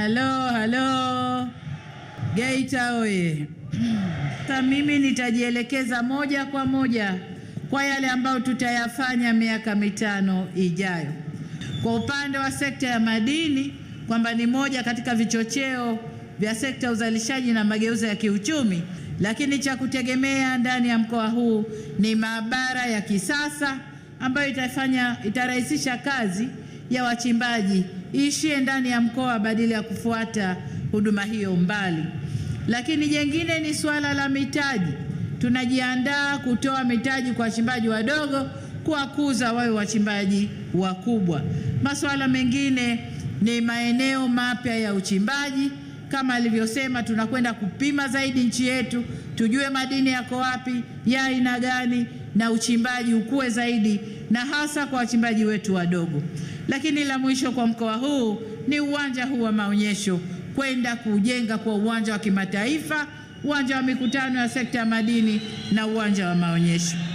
Halo, halo Geita oye! Sasa mimi nitajielekeza moja kwa moja kwa yale ambayo tutayafanya miaka mitano ijayo kwa upande wa sekta ya madini, kwamba ni moja katika vichocheo vya sekta ya uzalishaji na mageuzi ya kiuchumi, lakini cha kutegemea ndani ya mkoa huu ni maabara ya kisasa ambayo itafanya itarahisisha kazi ya wachimbaji iishie ndani ya mkoa badala ya kufuata huduma hiyo mbali. Lakini jengine ni suala la mitaji. Tunajiandaa kutoa mitaji kwa wachimbaji wadogo, kuwakuza wawe wachimbaji wakubwa. Masuala mengine ni maeneo mapya ya uchimbaji kama alivyosema, tunakwenda kupima zaidi nchi yetu, tujue madini yako wapi ya aina gani, na uchimbaji ukue zaidi, na hasa kwa wachimbaji wetu wadogo. Lakini la mwisho kwa mkoa huu ni uwanja huu wa maonyesho, kwenda kujenga kwa uwanja wa kimataifa, uwanja wa mikutano ya sekta ya madini na uwanja wa maonyesho.